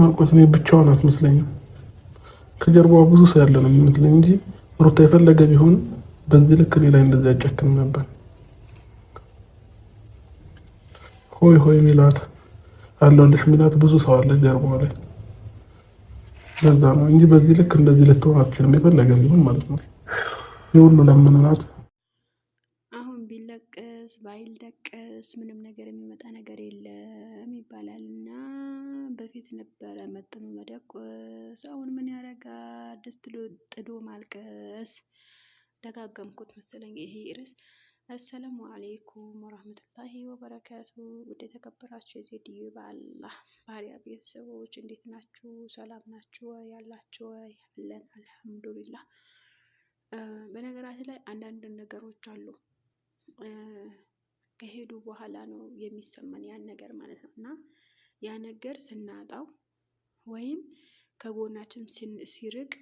ማርቆስ እኔ ብቻውን አትመስለኝም። ከጀርባዋ ብዙ ሰው ያለ ነው የሚመስለኝ እንጂ ሩታ የፈለገ ቢሆን በዚህ ልክ እኔ ላይ እንደዚህ አይጨክንም ነበር። ሆይ ሆይ ሚላት አለሁልሽ ሚላት ብዙ ሰው አለ ጀርባዋ ላይ። ለዛ ነው እንጂ በዚህ ልክ እንደዚህ ልትሆን አትችልም። የፈለገ ቢሆን ማለት ነው የሁሉ ለምንናት አሁን ቢለቅስ ባይለቅስ ምንም ነገር የሚመጣ ነገር የለም ይባላል እና በፊት ነበረ መጥኖ መደቆስ። አሁን ምን ያደርጋል ድስት ጥዶ ማልቀስ። ደጋገምኩት መሰለኝ ይሄ ርዕስ። አሰላሙ አሌይኩም ወራህመቱላሂ ወበረካቱ። ውድ የተከበራችሁ የዜድዩ በአላህ ባሪያ ቤተሰቦች እንዴት ናችሁ? ሰላም ናችሁ ወይ? ያላችሁ ወይ? አለን አልሐምዱሊላህ። በነገራችን ላይ አንዳንድ ነገሮች አሉ ከሄዱ በኋላ ነው የሚሰማን ያን ነገር ማለት ነው እና ያ ነገር ስናጣው ወይም ከጎናችን ሲርቅ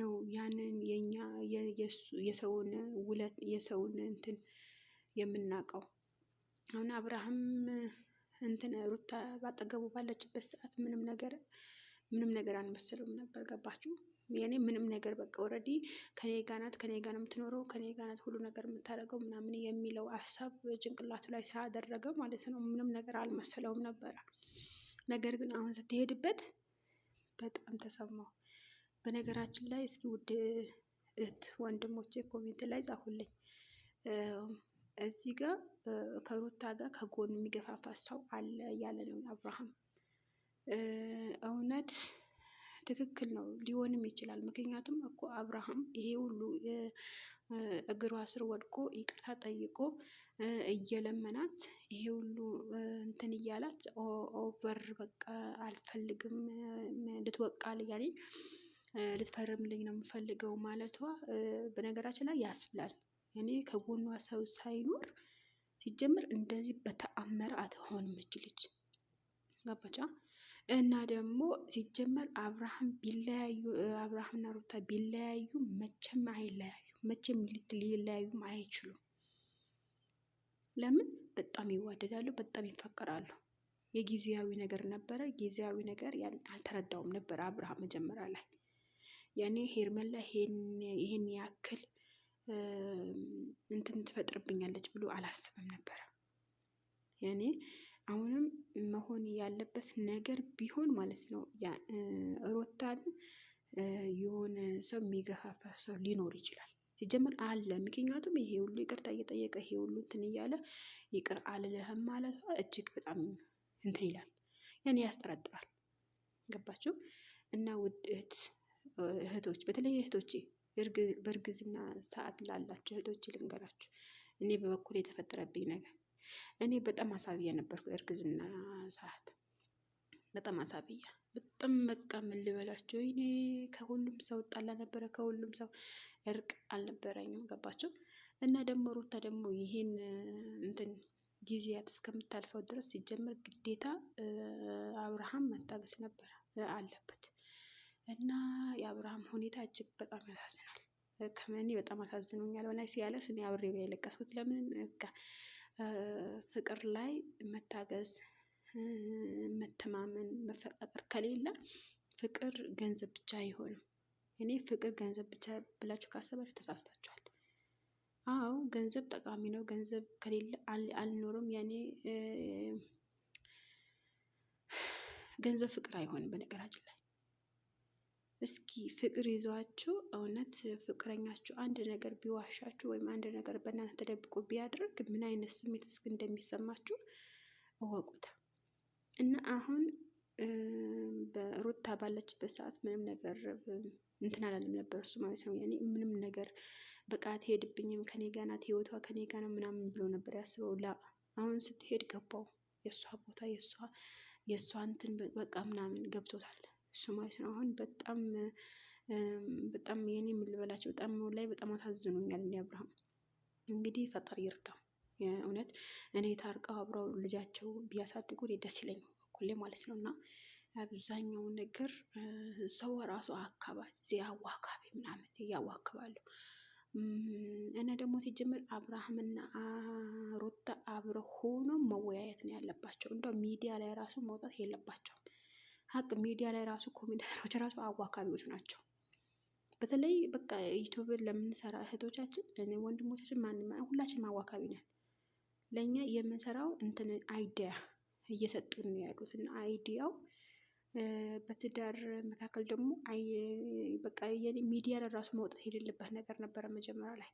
ነው ያንን የኛ የሰውን ውለት የሰውን እንትን የምናውቀው። አሁን አብርሃም እንትን ሩታ ባጠገቡ ባለችበት ሰዓት ምንም ነገር ምንም ነገር አልመሰለውም ነበር። ገባችሁ? የኔ ምንም ነገር በቃ ኦልሬዲ ከኔ ጋር ናት፣ ከኔ ጋር ነው የምትኖረው፣ ከኔ ጋር ናት ሁሉ ነገር የምታደርገው ምናምን የሚለው ሀሳብ ጭንቅላቱ ላይ ስላደረገ ማለት ነው ምንም ነገር አልመሰለውም ነበረ። ነገር ግን አሁን ስትሄድበት በጣም ተሰማው። በነገራችን ላይ እስኪ ውድ እህት ወንድሞቼ ኮሜንት ላይ ጻፉልኝ። እዚህ ጋር ከሩታ ጋር ከጎን የሚገፋፋ ሰው አለ እያለ ነው አብርሃም። እውነት ትክክል ነው፣ ሊሆንም ይችላል። ምክንያቱም እኮ አብርሃም ይሄ ሁሉ እግሯ ስር ወድቆ ይቅርታ ጠይቆ እየለመናት ይሄ ሁሉ እንትን እያላት ኦቨር በቃ አልፈልግም፣ ልትወቃል ያኔ ልትፈርምልኝ ነው የምፈልገው ማለቷ በነገራችን ላይ ያስብላል። እኔ ከጎኗ ሰው ሳይኖር ሲጀምር እንደዚህ በተአመር አትሆንም እች ልጅ ገባቻ። እና ደግሞ ሲጀመር አብርሃም ቢለያዩ አብርሃምና ሩታ ቢለያዩ መቼም አይለያዩ መቼም ሊለያዩም አይችሉም። ለምን በጣም ይዋደዳሉ፣ በጣም ይፈቀራሉ። የጊዜያዊ ነገር ነበረ። ጊዜያዊ ነገር አልተረዳውም ነበር አብርሃም መጀመሪያ ላይ። ያኔ ሄርሜላ ይህን ያክል እንትን ትፈጥርብኛለች ብሎ አላስብም ነበረ። ያኔ አሁንም መሆን ያለበት ነገር ቢሆን ማለት ነው ሮታን የሆነ ሰው የሚገፋፋ ሰው ሊኖር ይችላል። ሲጀምር አለ። ምክንያቱም ይሄ ሁሉ ይቅርታ እየጠየቀ ይሄ ሁሉ እንትን እያለ ይቅር አልልህም ማለት እጅግ በጣም እንትን ይላል፣ ያን ያስጠረጥራል። ገባችሁ? እና ውድ እህት እህቶች በተለይ እህቶቼ በእርግዝና ሰዓት ላላችሁ እህቶች ልንገራችሁ፣ እኔ በበኩል የተፈጠረብኝ ነገር እኔ በጣም አሳቢ የነበርኩ እርግዝና ሰዓት በጣም አሳብያ በጣም በቃ ምን ልበላቸው፣ ይኔ ከሁሉም ሰው ጣላ ነበረ። ከሁሉም ሰው እርቅ አልነበረኝም። ገባቸው እና ደግሞ ሩታ ደግሞ ይሄን እንትን ጊዜያት እስከምታልፈው ድረስ ሲጀምር ግዴታ አብርሃም መታገስ ነበረ አለበት እና የአብርሃም ሁኔታ እጅግ በጣም ያሳዝናል። ከመኔ በጣም አሳዝኖኛል። ሆነ ሲያለስ እኔ አብሬ የለቀስኩት ለምን ፍቅር ላይ መታገዝ መተማመን፣ መፈቃቀር ከሌለ ፍቅር ገንዘብ ብቻ አይሆንም። እኔ ፍቅር ገንዘብ ብቻ ብላችሁ ካሰባችሁ ተሳስታችኋል። አዎ ገንዘብ ጠቃሚ ነው። ገንዘብ ከሌለ አልኖርም። ያኔ ገንዘብ ፍቅር አይሆንም። በነገራችን ላይ እስኪ ፍቅር ይዟችሁ እውነት ፍቅረኛችሁ አንድ ነገር ቢዋሻችሁ ወይም አንድ ነገር በእናንተ ተደብቆ ቢያደርግ ምን አይነት ስሜት እስኪ እንደሚሰማችሁ እወቁት። እና አሁን በሩታ ባለችበት ሰዓት ምንም ነገር እንትን አላለም ነበር እሱ ማለት ነው። ያኔ ምንም ነገር በቃ አትሄድብኝም፣ ከኔ ጋር ናት፣ ህይወቷ ከኔ ጋር ነው ምናምን ብሎ ነበር ያስበው ላ አሁን ስትሄድ ገባው የእሷ ቦታ የእሷ እንትን በቃ ምናምን ገብቶታል እሱ ማለት ነው። አሁን በጣም በጣም የኔ የምልበላቸው በጣም ላይ በጣም አሳዝኖኛል። እኔ አብርሃም እንግዲህ ፈጣሪ ይርዳው። እውነት እኔ ታርቀው አብረው ልጃቸው ቢያሳድጉ ደስ ይለኛል ሁሌ ማለት ነው። እና አብዛኛውን ነገር ሰው ራሱ አካባቢ እዚህ አዋካቢ ምናምን እያዋክባሉ እና ደግሞ ሲጀምር አብርሃምና ሩታ አብረ ሆኖ መወያየት ነው ያለባቸው። እንደ ሚዲያ ላይ ራሱ መውጣት የለባቸውም። ሀቅ ሚዲያ ላይ ራሱ ኮሜንታተሮች ራሱ አዋካቢዎች ናቸው። በተለይ በቃ ዩቱብን ለምንሰራ እህቶቻችን፣ ወንድሞቻችን፣ ማንም ሁላችን አዋካቢ ነን። ለእኛ የምንሰራው እንትን አይዲያ እየሰጡን ነው ያሉት እና አይዲያው በትዳር መካከል ደግሞ በቃ ሚዲያ ለራሱ መውጣት የሌለበት ነገር ነበረ መጀመሪያ ላይ።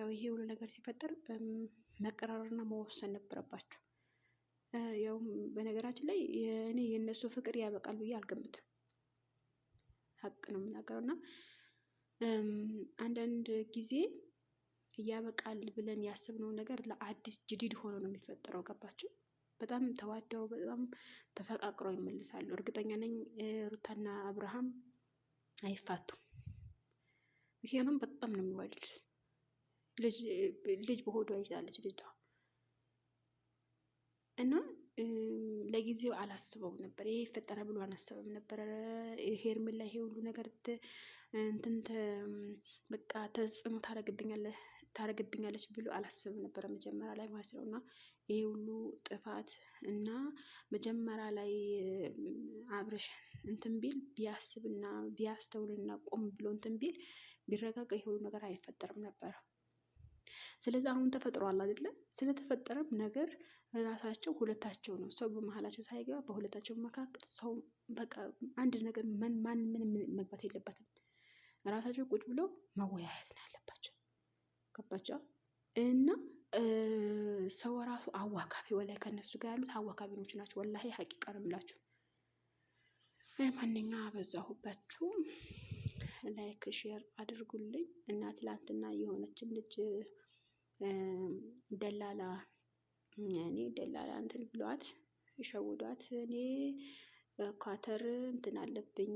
ያው ይሄ ሁሉ ነገር ሲፈጠር መቀራረብና መወሰን ነበረባቸው። ያው በነገራችን ላይ እኔ የእነሱ ፍቅር ያበቃል ብዬ አልገምትም። ሀቅ ነው የምናገረው እና አንዳንድ ጊዜ ያበቃል ብለን ያስብነው ነገር ለአዲስ ጅዲድ ሆኖ ነው የሚፈጠረው። ገባችሁ? በጣም ተዋደው በጣም ተፈቃቅረው ይመልሳሉ። እርግጠኛ ነኝ ሩታና አብርሃም አይፋቱም። ምክንያቱም በጣም ነው የሚዋዱት። ልጅ በሆዷ ይዛለች ልጇ እና ለጊዜው አላስበው ነበር ይሄ ይፈጠረ ብሎ አላሰበም ነበር። ሄርሜላ ይሄ ሁሉ ነገር እንትን በቃ ተጽዕኖ ታደርግብኛለህ ታደርግብኛለች ብሎ አላስብም ነበረ መጀመሪያ ላይ ማለት ነው። እና ይሄ ሁሉ ጥፋት እና መጀመሪያ ላይ አብረሽ እንትን ቢል ቢያስብና ቢያስተውልና ቆም ብሎ እንትን ቢል ቢረጋጋ ይሄ ሁሉ ነገር አይፈጠርም ነበረ። ስለዚህ አሁን ተፈጥሯል አይደለ? ስለተፈጠረም ነገር ራሳቸው ሁለታቸው ነው። ሰው በመሀላቸው ሳይገባ በሁለታቸው መካከል ሰው በቃ አንድ ነገር ማን ምን መግባት የለበትም። ራሳቸው ቁጭ ብሎ መወያየት ነው ያለበት። ገባቸው እና ሰው ራሱ አዋካቢ ወላይ ከነሱ ጋር ያሉት አዋካቢዎች ናቸው። ወላሂ ሀቂቃ ነው የምላችሁ። ማንኛ በዛሁባችሁ። ላይክ ሼር አድርጉልኝ እና ትላንትና የሆነችን ልጅ ደላላ እኔ ደላላ እንትን ብሏት ይሸውዷት እኔ ኳተር እንትን አለብኝ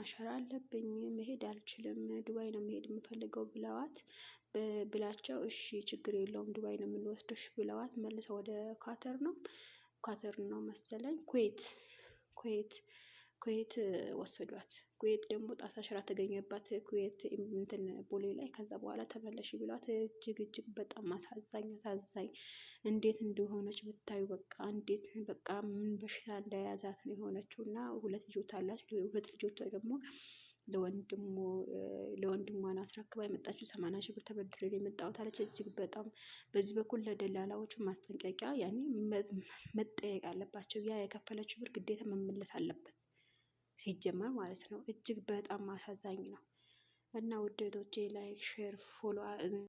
አሻራ አለብኝ መሄድ አልችልም ዱባይ ነው መሄድ የምፈልገው ብለዋት ብላቸው እሺ ችግር የለውም ዱባይ ነው የምንወስድሽ ብለዋት መልሰው ወደ ኳተር ነው ኳተር ነው መሰለኝ ኩዌት ኩዌት ኩዌት ወሰዷት ኩዌት ደግሞ ጣት አሻራ ተገኘባት ኩዌት እንትን ቦሌ ላይ። ከዛ በኋላ ተመለሽ ብሏት እጅግ እጅግ በጣም አሳዛኝ አሳዛኝ እንዴት እንደሆነች ብታዩ በቃ እንዴት በቃ ምን በሽታ እንደያዛት ነው የሆነችው እና ሁለት ልጆች አላት ሁለት ልጆች ደግሞ ለወንድሙ ለወንድሟን አስረክባ የመጣችው ሰማንያ ሺህ ብር ተበድሬ ነው የመጣሁት አለች። እጅግ በጣም በዚህ በኩል ለደላላዎቹ ማስጠንቀቂያ ያኔ መጠየቅ አለባቸው። ያ የከፈለችው ብር ግዴታ መመለስ አለበት። ሲጀመር ማለት ነው። እጅግ በጣም አሳዛኝ ነው እና ውደቶቼ ላይክ ሼር ፎሎ